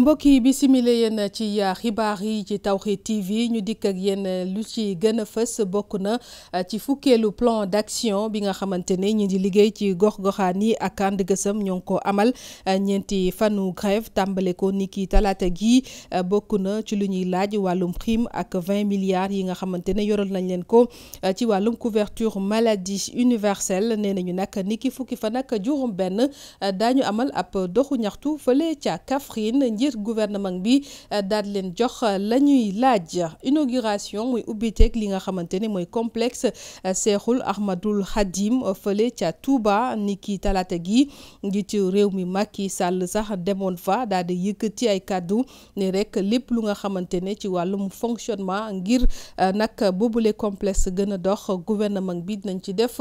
mbokk bi simile yéen ci xibaar yi ci Tawhid TV ñu dikk ak yéen lu ci gën a fës bokk na ci fukkeelu plan d'action bi nga xamante ne ñu di liggéey ci gox-goxaan yi ak ànd gësam ñoo ngi ko amal ñeenti fanu grève tàmbale ko ni ki talaata gi bokk na ci lu ñuy laaj wàllum xiim ak 20 milliards yi nga xamante ne yoral nañ leen ko ci wàllum couverture maladie universelle nee nañu nag ni ki fukki fan ak juróom benn daañu amal ab doxu ñaxtu fële ca Kaffrine ngir gouvernement bi eh, daal di leen jox eh, la ñuy laaj inauguration muy ubbiteeg li nga xamante ne mooy complexe eh, Seexul Ahmadul Xadim fële ca Touba ni ki talaata gi ci réew mi mag yi sàll sax demoon fa daal di yëkkati ay kàddu ni rek lépp lu nga xamante ne ci wàllum fonctionnement ngir nag boobule complexe gën a dox gouvernement bi dinañ ci def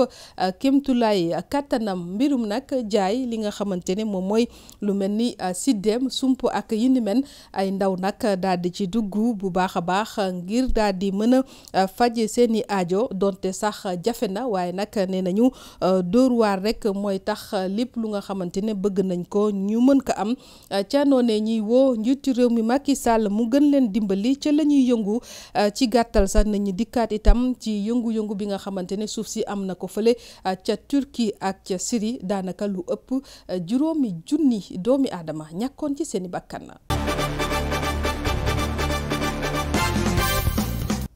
kémtulaay kattanam mbirum nag jaay li nga xamante ne moom mooy lu mel ni siddem sump ak yindi yi men ay ndaw nag daal di ci dugg bu baax a baax ngir daal di mën a euh, faj seeni i aajo donte sax jafe na waaye nag ne nañu euh, dóor waar rek mooy tax lépp lu nga xamante ne bëgg nañ ko ñu mën ko am euh, ca noonee ñiy woo njiitu réew mi Macky Sall mu gën leen dimbali ca la ñuy yëngu ci gàttal sax nañu dikkaat itam ci yëngu-yëngu bi nga xamante ne suuf si am na ko fële ca turki ak ca Syrie daanaka lu ëpp juróomi junni doomi aadama ñàkkoon ci seeni bàkkan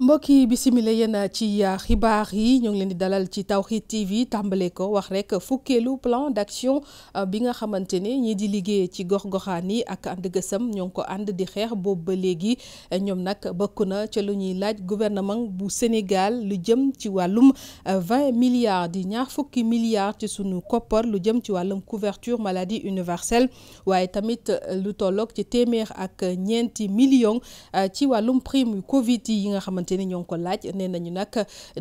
mbokk yi bisimila yéen ci xibaar yi ñoo ngi leen di dalal ci Tawhid TV tàmbale ko wax rek fukkeelu plan d'action euh, bi nga xamante ne ñii di liggéey ci gox-goxaan yi ak ànd gësam ñoo ngi ko ànd di xeex boobu ba léegi ñoom nag bokk na ca lu ñuy laaj gouvernement bu Sénégal lu jëm ci wàllum 20 euh, milliards di ñaar fukki milliards ci sunu koppar lu jëm ci wàllum couverture maladie universelle waaye tamit euh, lu tolloog ci téeméer ak ñeenti millions ci wàllum prime xamante ni ñoo ngi ko laaj nee nañu nag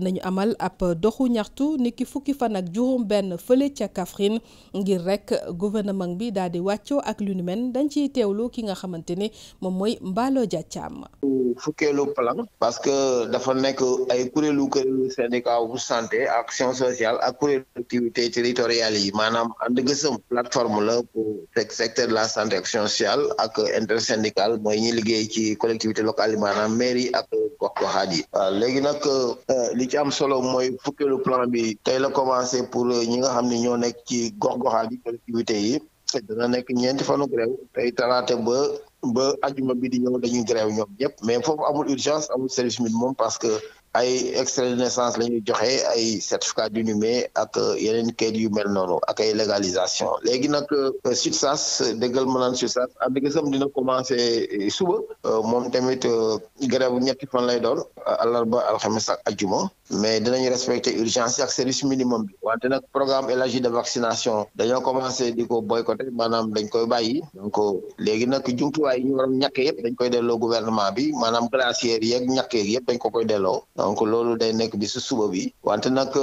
nañu amal ab doxu ñaxtu niki fukki fan ak juróom-benn fële ca Kaffrine ngir rek gouvernement bi daal di wàccoo ak lu nu mel dañ ciy teewlu ki nga xamante ni moom mooy Mballo Dia Thiam. fukkeelu plan parce que dafa nekk ay kuréelu kuréelu syndicat bu santé action sociale ak kuréelu activité territoriale yi maanaam ànd gësëm plateforme la pour secteur la santé action sociale ak intersyndical mooy ñi liggéey ci collectivité locale yi maanaam mairie ak wax waxaat yi waaw léegi nag euh, li ci am solo mooy fukkeelu plan bi tey la commencé pour euh, ñi nga xam ni ñoo nekk ci gox-goxaat yi collectivité yi dana nekk ñeenti fanu grève tey talaata ba ba ajuma bi di ñëw dañuy grève ñoom ñëpp mais foofu amul urgence amul service minimum parce que ay extrait de naissance la ñuy joxe ay certificat d'inhumé ak euh, yeneen kayit yu mel noonu ak ay légalisation léegi nag euh, SUTSAS déggal ma naan SUTSAS ab liggéeyam dina commencé euh, suba moom tamit grève ñetti fan lay doon àllarba alxames ak ajjuma mais dinañu respecter urgence ak service minimum bi wante nag programme élargi de vaccination dañoo commencé di ko boycotter maanaam dañ koy bàyyi donc léegi nag jumtuwaay yi ñu waroon yëpp dañ koy delloo gouvernement bi maanaam glacière yeeg ñàkkee yëpp dañ ko koy delloo donc loolu day nekk bi si suba bi wante nag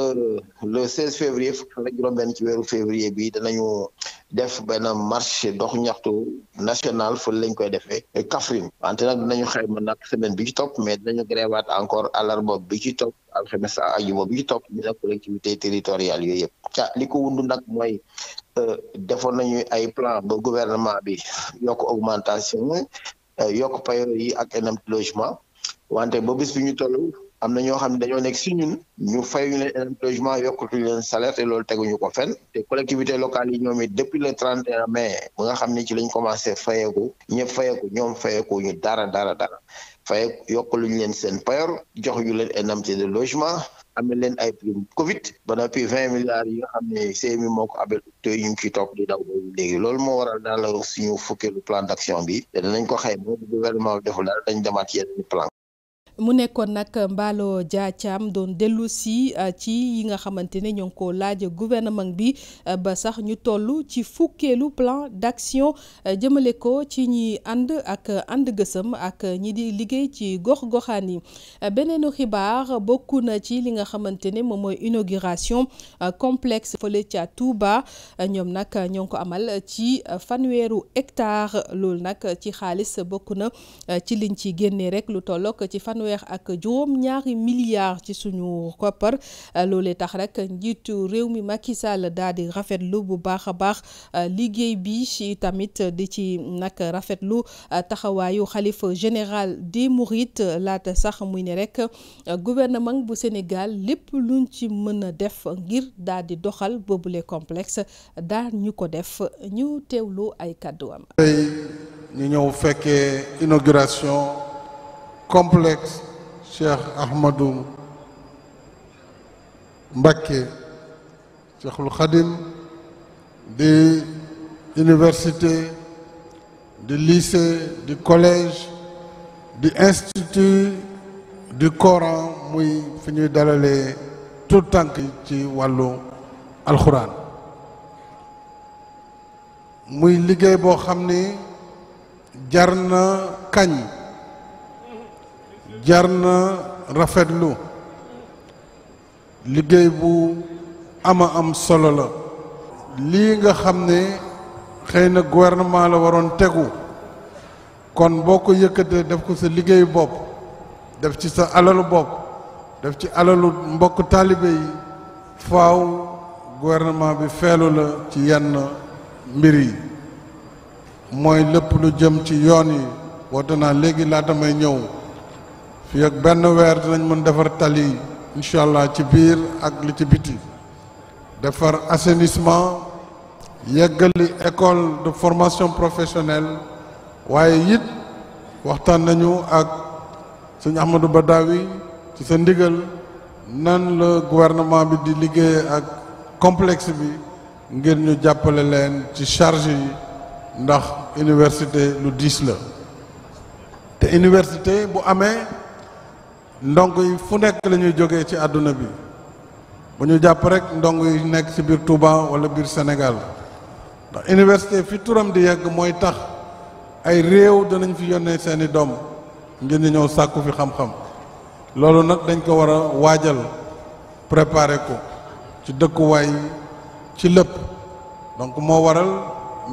le 16 février fukk na juróom-benn ci weeru février bi danañu def benn marché dox ñaxtu national fa lañ koy defee Kaffrine wante nag dinañu xayma nag semaine bi ci topp mais dinañu gréwaat encore alarba bi ci topp alxames ajuma bi ci topp dina collectivité territoriale yooyu yëpp ah li ko wundu nag mooy euh, defoon nañu ay plan ba gouvernement bi yokk augmentation euh, yokk payoor yi ak énam logement wante ba bis bi ñu toll am na ñoo xam ne dañoo nekk si ñun ñu fayuñu leen logement yokkutuñu leen salaire te loolu teguñu ko fenn te collectivité locale yi ñoom it depuis le trente et mais ba nga xam ne ci lañ commencé fayeeku ñëpp fayeeku ñoom fayeeku ñu dara dara dara faye yokkaluñu leen seen payor joxuñu leen indemnité de logement amee leen ay prime Covid ba noppi vingt milliards yi nga xam ne CMU moo ko abel te ñu ngi ciy topp di daw léegi loolu moo waral daal la suñu fukkeelu plan d' action bi nañ danañ ko xayma gouvernement bi deful daal dañ demaat yeneen plan mu nekkoon nag Mballo Dia Thiam doon dellu si uh, ci yi nga xamante ne ñoo ngi ko laaj gouvernement bi uh, ba sax ñu toll ci fukkeelu plan d'action uh, jëmale ko ci ñi ànd ak ànd gësëm ak ñi di liggéey ci gox-goxaan yi beneenu xibaar bokku na ci li nga xamante ne moom mooy inauguration complexe fële ca Touba ñoom nag ñoo ngi ko amal ci fanweeru hectare loolu nag ci xaalis bokk na ci liñ ci génnee rek lu tollook ci fanweeru fanweer ak juróom-ñaari milliards ci suñu koppar loolee tax rek njiitu réew mi Macky Sall daal di rafetlu bu baax a baax euh, liggéey bi ci tamit di ci nag rafetlu euh, taxawaayu xalifa général des Mourides laata sax muy ni rek euh, gouvernement bu Sénégal lépp luñ ci mën a def ngir daal di doxal boobule complex daal ñu ko def ñu teewlu ay kàddu am. complexe Cheikh Ahmadou Mbacké Cheikhul Khadim di université di lycée di collège di institut du Coran muy fi ñuy dalalee tout tànk ci wàllu alxuraan muy liggéey boo xam ni jar na kañ jar na rafetlu liggéey bu ama am solo la lii nga xam ne xëy na gouvernement la waroon tegu kon boo ko yëkkatee def ko sa liggéeyu bopp def ci sa alalu bopp def ci alalu mbokk taalibe faw faaw gouvernement bi feelu la ci yenn mbir yi mooy lépp lu jëm ci yoon yi woote naa léegi laata may ñëw fii ak benn weer dinañ mën defar tali incha allah ci biir ak li ci biti defar assainissement yeggali école de formation professionnelle waaye it waxtaan nañu ak sëñ Ahmadou Badawi ci sa ndigal nan la gouvernement bi di liggéey ak complexe bi ngir ñu jàppale leen ci charge yi ndax université lu diis la te université bu amee ndongo yi fu nekk lañuy jóge ci àdduna bi bu ñu jàpp rek ndongo yi nekk ci biir Touba wala biir Sénégal ndax université fi turam di yegg mooy tax ay réew danañ fi yónnee seeni doom ngir ñu ñëw sàkku fi xam-xam loolu nag dañ ko war a waajal préparer ko ci dëkkuwaay ci lépp donc moo waral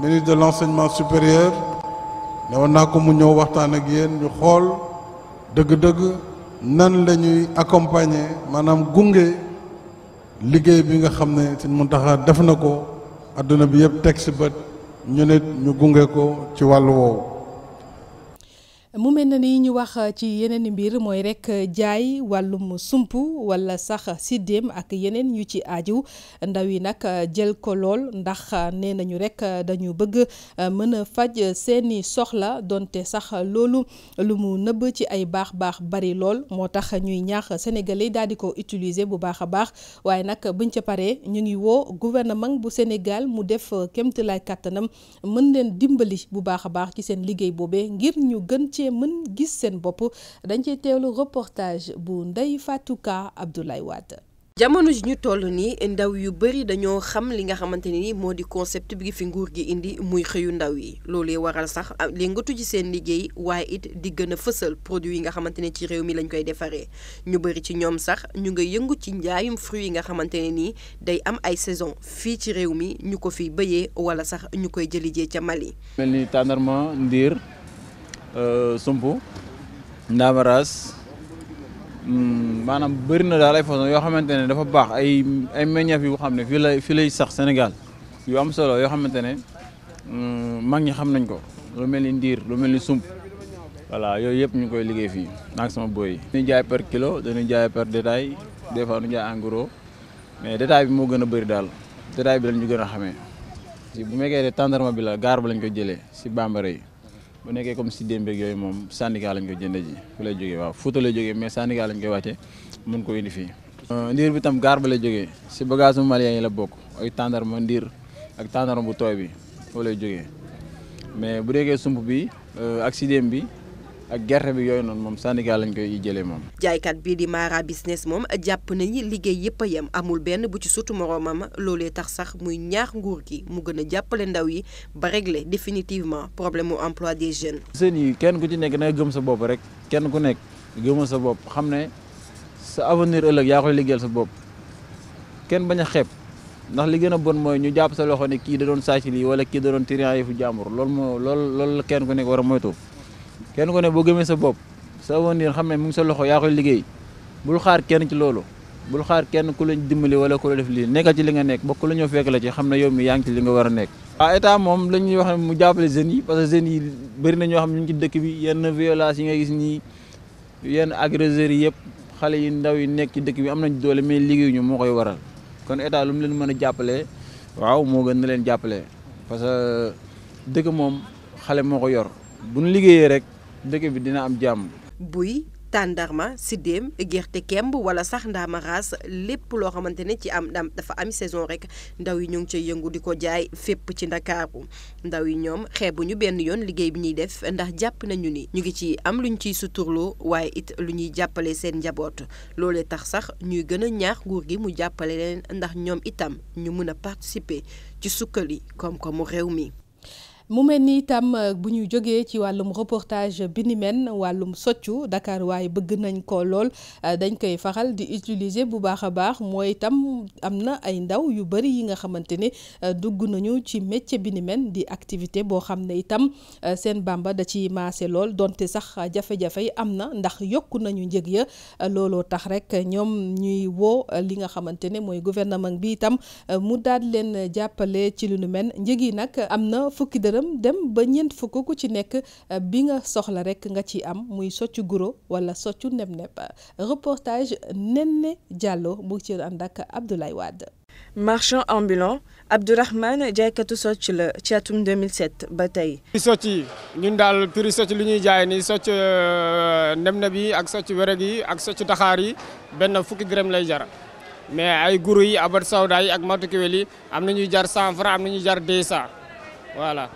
ministre de l'enseignement supérieur ne naa ko mu ñëw waxtaan ak yéen ñu xool dëgg-dëgg nan lañuy ñuy accompagner maanaam gunge liggéey bi nga xam ne Sëñ Muntaxa def na ko àdduna bi yëpp teg ci bët ñu nit ñu gunge ko ci wàll woowu mu mel na ni ñu wax euh, ci yeneen mbir mooy rek euh, jaay wàllum sump wala sax siddéem ak yeneen yu ci aaju ndaw yi nag euh, jël ko lool ndax nee nañu rek dañu bëgg mën a faj seeni soxla donte sax loolu lu mu nëbb ci ay baax baax bari lool moo tax ñuy ñaax sénégalais daal di ko utiliser bu baax a baax waaye nag buñ ca paree ñu ngi woo gouvernement bu Sénégal mu def kéemtalaay kàttanam mën leen dimbali bu baax a baax ci seen liggéey boobee ngir ñu gën ci mën gis seen bopp dañ ciy teelu reportage bu Ndeye Fatou Ka Abdoulaye Wade. jamono ji ñu toll nii ndaw yu bëri dañoo xam li nga xamante nii moo di concept bi fi nguur gi indi muy xëyu ndaw yi loolu waral sax li ah, yëngatu ci seen liggéey waaye it di gën a fësal produit yi nga xamante ne ci réew mi lañ koy defaree ñu bëri ci ñoom sax ñu nga yëngu ci njaayum fruit yi nga xamante ne nii day am ay saison fii ci réew mi ñu ko fi béyee wala sax ñu koy jëlijee ca Mali. Euh, sumpu ndaamaraas hmm, maanaam bëri na daal ay façon yoo xamante ne dafa baax ay ay meññeef yu xam ne fii lay fii lay sax Sénégal yu am solo yoo xamante ne hmm, mag ñi xam nañ ko lu mel ni ndiir lu mel ni sump voilà yooyu yëpp ñu koy liggéey fii naag sama boy yi jaay par kilo dañuy jaay par détail des fois ñu jaay en mais détail bi moo gën a bëri daal détail bi lañ ñu gën a xamee bu mekkee ne tàndarma bi la gaar lañ ko jëlee si bambara yi bu nekkee comme si démbeeg yooyu moom syndicat lañ ko jënd ji fu lay jógee waaw Fuuta lay jógee mais syndicat lañ koy wàcce mun ko indi fii. Euh, ndiir bi tam gaar ba lay jógee si bagage malien yi la bokk ay tàndarma ndiir ak tàndarma bu tooy bi foo lay jógee mais bu nekkee sump bi euh, ak siddéem bi. ak gerte bi yooyu noonu moom syndicat lañ koy jëlee moom. jaaykat bii di Mara business moom jàpp nañu liggéey yëpp a yem amul benn bu ci sutu moroomam loolee tax sax muy ñaax nguur gi mu gën a jàppale ndaw yi ba régler définitivement problème mu emploi des jeune jeunes yi kenn ku ci nekk na gëm sa bopp rek kenn ku nekk gëmal sa bopp xam ne sa avenir ëllëg yaa koy liggéeyal sa bopp kenn bañ a xep ndax li gën a bon mooy ñu jàpp sa loxo ne kii da doon sàcc lii wala kii da doon tiriyan yëfu jàmbur kenn ku nekk war a kenn ku ne boo gëmee sa bopp sa avenir xam ne mu ngi sa loxo yaa koy liggéey bul xaar kenn ci loolu bul xaar kenn ku lañ dimbali wala ku la def lii nekkal ci li nga nekk ba ku la ñëw fekk la ci xam ne yow mi yaa ngi ci li nga war a nekk ah état moom la ñuy wax ne mu jàppale jeunes yi parce que jeunes yi xam ñu ngi ci dëkk bi yenn violence yi nga gis nii yenn agresseurs yi yëpp xale yi ndaw yi nekk ci dëkk bi am nañ doole mais liggéeyuñu moo koy waral kon état lu mu leen mën a jàppale waaw moo gën na leen jàppale parce que dëkk moom xale moo ko yor bu ñu liggéeyee rek dëkk bi dina am jàmm. buy tàndarma siddéem gerte kemb wala sax ndaama lépp loo xamante ne ci am dam dafa ami saison rek ndaw yi ñu ngi cay yëngu di ko jaay fépp ci ndakaaru ndaw yi ñoom xeebu ñu benn yoon liggéey bi ñuy def ndax jàpp nañu ni ñu ngi ci am lu luñ ciy suturloo waaye it lu ñuy jàppale seen njaboot loolee tax sax ñuy gën a ñaax nguur gi mu jàppale leen ndax ñoom itam ñu mën a participer ci sukkali koom-koomu réew mi. mu mel ni itam euh, bu ñu jógee ci wàllum reportage bi ni wàllum soccu Dakar waaye bëgg nañ ko lool euh, dañ koy faral di utiliser bu baax a baax mooy itam am na ay ndaw yu bëri yi nga xamante ne euh, dugg nañu ci métier bi ni di activité boo xam ne itam seen bàmba da ci maase lool donte sax jafe-jafe yi am na ndax yokk nañu njëg ya looloo tax rek ñoom ñuy woo li nga xamante ne mooy gouvernement bi itam mu daal leen jàppale ci lu nu mel njëg yi nag am na fukki dërëm këram dem ba ñeent fukk ku ci nekk euh, bi nga soxla rek nga ci am muy soccu guro wala soccu neb-neb reportage Néné Diallo mu ci ànd ak Abdoulaye Wade. marchand ambulant Abdourahmane jaaykatu socc la ci atum 2007 ba tey. prix socc yi ñun daal prix socc lu ñuy jaay ni socc euh, neb-neb yi ak socc wéreg yi ak socc daxaar yi benn fukki dërëm lay jar. mais ay guru yi abat sawda yi ak matukiwel yi am na ñuy jar 100 francs am na ñuy jar 200 voilà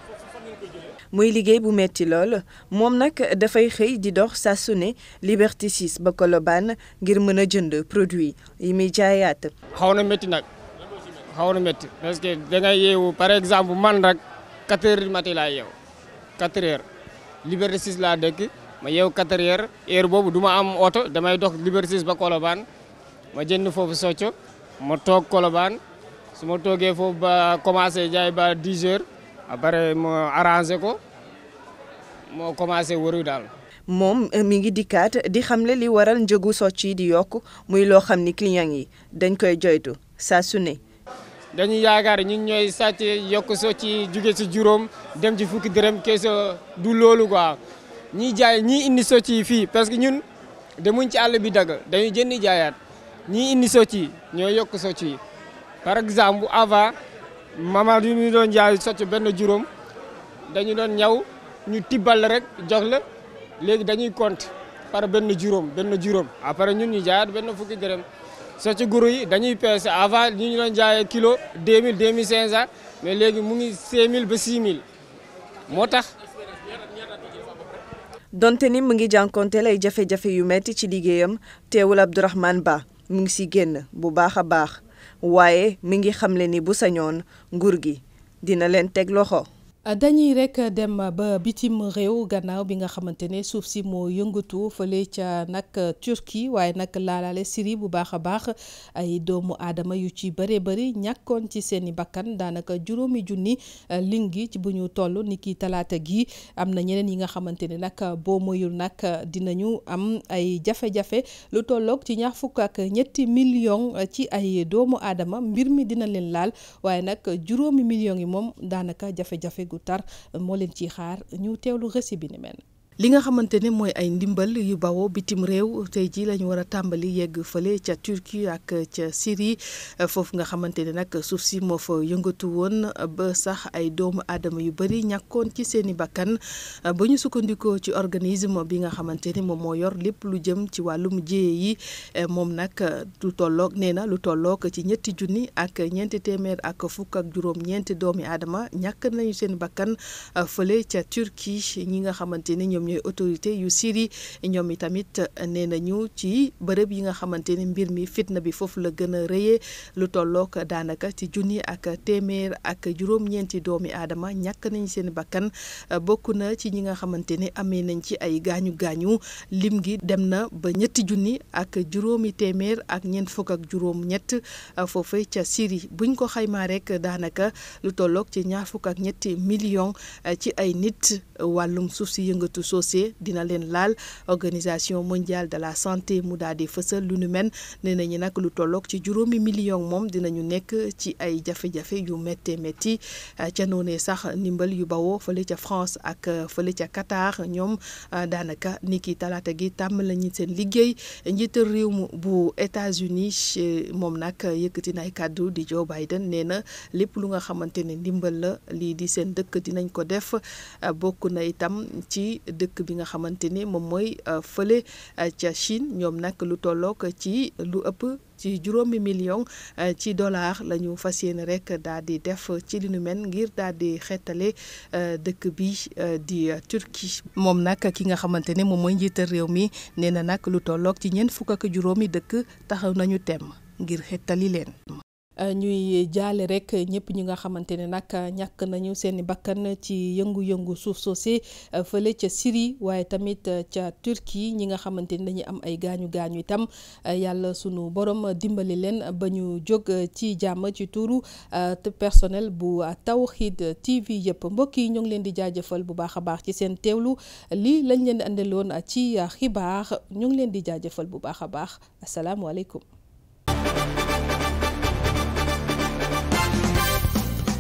muy liggéey bu metti lool moom nag dafay xëy di dox saa ne Liberté 6 ba Colobane ngir mën a jënd produit yi muy jaayaat. xaw na métti nag xaw na métti parce que da yeewu par exemple man rek 4 heures du matin laa yeewu dëkk ma yeewu 4 heures heure boobu duma am oto damay dox Liberté 6 ba Colobane ma jënd foofu socco ma toog Colobane su ma toogee foofu ba commencé jaay ba heures. après moo arrangé ko moo commencé wëru daal. moom eh, mi ngi dikkaat di xamle li waral njëgu socc yi di yokk muy loo xam ni client yi dañ koy joytu saa su ne. dañuy yaakaar ñun ñooy sàcc yokk socc yi jóge ci juróom dem ci fukki dërëm keesa du loolu quoi ñiy jaay ñi indi socc yi fii parce que ñun demuñ ci àll bi dagg dañuy jënd jaayaat ñii indi socc yi ñooy yokk socc yi par exemple avant. mama yu ñu doon jaay socc benn juróom dañu doon ñaw ñu tibbal rek jox la léegi dañuy compte par benn juróom benn juróom après ñun ñu jaayaat benn fukki dërëm socc guru yi dañuy peese avant ñu ñu doon jaayee kilo 2000 2500 mais léegi mu ngi 5000 ba 6000 moo tax. donte ni mu ngi jànkonteel ay jafe-jafe yu metti ci liggéeyam teewul Abdourahmane Ba mu ngi si génn bu baax a baax. waaye mi ngi xamle ni bu sañoon nguur gi dina leen teg loxo. dañuy rek dem ba bitim réew gannaaw bi nga xamante ne suuf si moo yëngatu fële ca nag Turquie waaye nag laalaale siri bu baax a baax ay doomu aadama yu ci bëree bëri ñàkkoon ci seen i bakkan daanaka juróomi junni euh, lingi ci bu ñu toll ni ki talaata gi am na ñeneen yi nga xamante ne nag boo moyul nag ñu am ay jafe-jafe lu tolloog ci ñax fukk ak ñetti million euh, ci ay doomu aadama mbir mi dina leen laal waaye nag juróomi millions yi moom daanaka jafe gu tar moo leen ciy xaar ñu teewlu récit bi ni mel. li nga xamante ne mooy ay ndimbal yu bawoo bitim réew tey jii lañu ñu war a tàmbali yegg fële ca Turquie ak ca Syrie foofu nga xamante ne nag suuf si moo fa yëngatu woon ba sax ay doomu aadama yu bëri ñàkkoon ci seen i bakkan ba ñu sukkandikoo ci organisme bi nga xamante ne moom moo yor lépp lu jëm ci wàllum jiyee yi moom nag lu tolloog nee na lu tolloog ci ñetti ak ñeenti téeméer ak fukk ak juróom aadama ñàkk nañu seen bakkan fële ca Turquie ñi nga xamante ne ñoom ñooy autorité yu siri ñoom itamit nee nañu ci bërëb yi nga xamante ni mbir mi fitna bi foofu la gën a rëye lu tollook daanaka ci junni ak téeméer ak juróom doomi aadama ñàkk nañ seen bakkan bokk na ci ñi nga xamante ni amee nañ ci ay gaañu gaañu lim gi dem na ba ñetti junni ak juróomi téeméer ak ñeent ak juróom-ñett foofe ca Syrie buñ ko xaymaa rek daanaka lu tollook ci ñaar fukk ak ñetti million ci ay nit wàllum suuf si yëngatu soo dossier dina leen laal organisation mondiale de la santé mu daal di fësal lu nu mel nee nañu nag lu tolloog ci juróomi million moom dinañu nekk ci ay jafe-jafe yu méttee métti ca noonee sax ndimbal yu bawoo fële ca France ak fële ca Qatar ñoom daanaka ki talaata gi tàmm lañu seen liggéey njiital réew bu États-Unis moom nag yëkkati na ay kàddu di Joe Biden nee na lépp lu nga xamante ne ndimbal la lii di seen dëkk dinañ ko def bokk na itam ci dëkk dëkk bi nga xamante ni moom mooy euh, fële euh, ca Chine ñoom nag lu tollook ci lu ëpp ci juróomi million euh, ci dollar la ñu fas yéene rek daal di def ci li nu mel ngir daal di xeetale dëkk bi di Turquie moom nag ki nga xamante ne moom mooy njiital réew mi nee na nag lu tollook ci ñeent fukk ak juróomi dëkk taxaw nañu tem ngir xeetali leen. Euh, ñuy jaale rek ñëpp ñi nga xamante ne nag ñàkk nañu seen i bakkan ci yëngu-yëngu suuf soosee euh, fële ca Syrie waaye tamit euh, ca Turquie ñi nga xamante ni dañuy am ay gaañu gaañu itam yàlla sunu borom dimbali leen ba ñu jóg ci jàmm ci tuuru te personnel bu Tawhid TV yëpp mbokk yi ñoo ngi leen di jaajëfal bu baax a baax ci seen teewlu lii lañ leen di andiloon ci xibaar ñu ngi leen di jaajëfal bu baax a baax asalaamualeykum.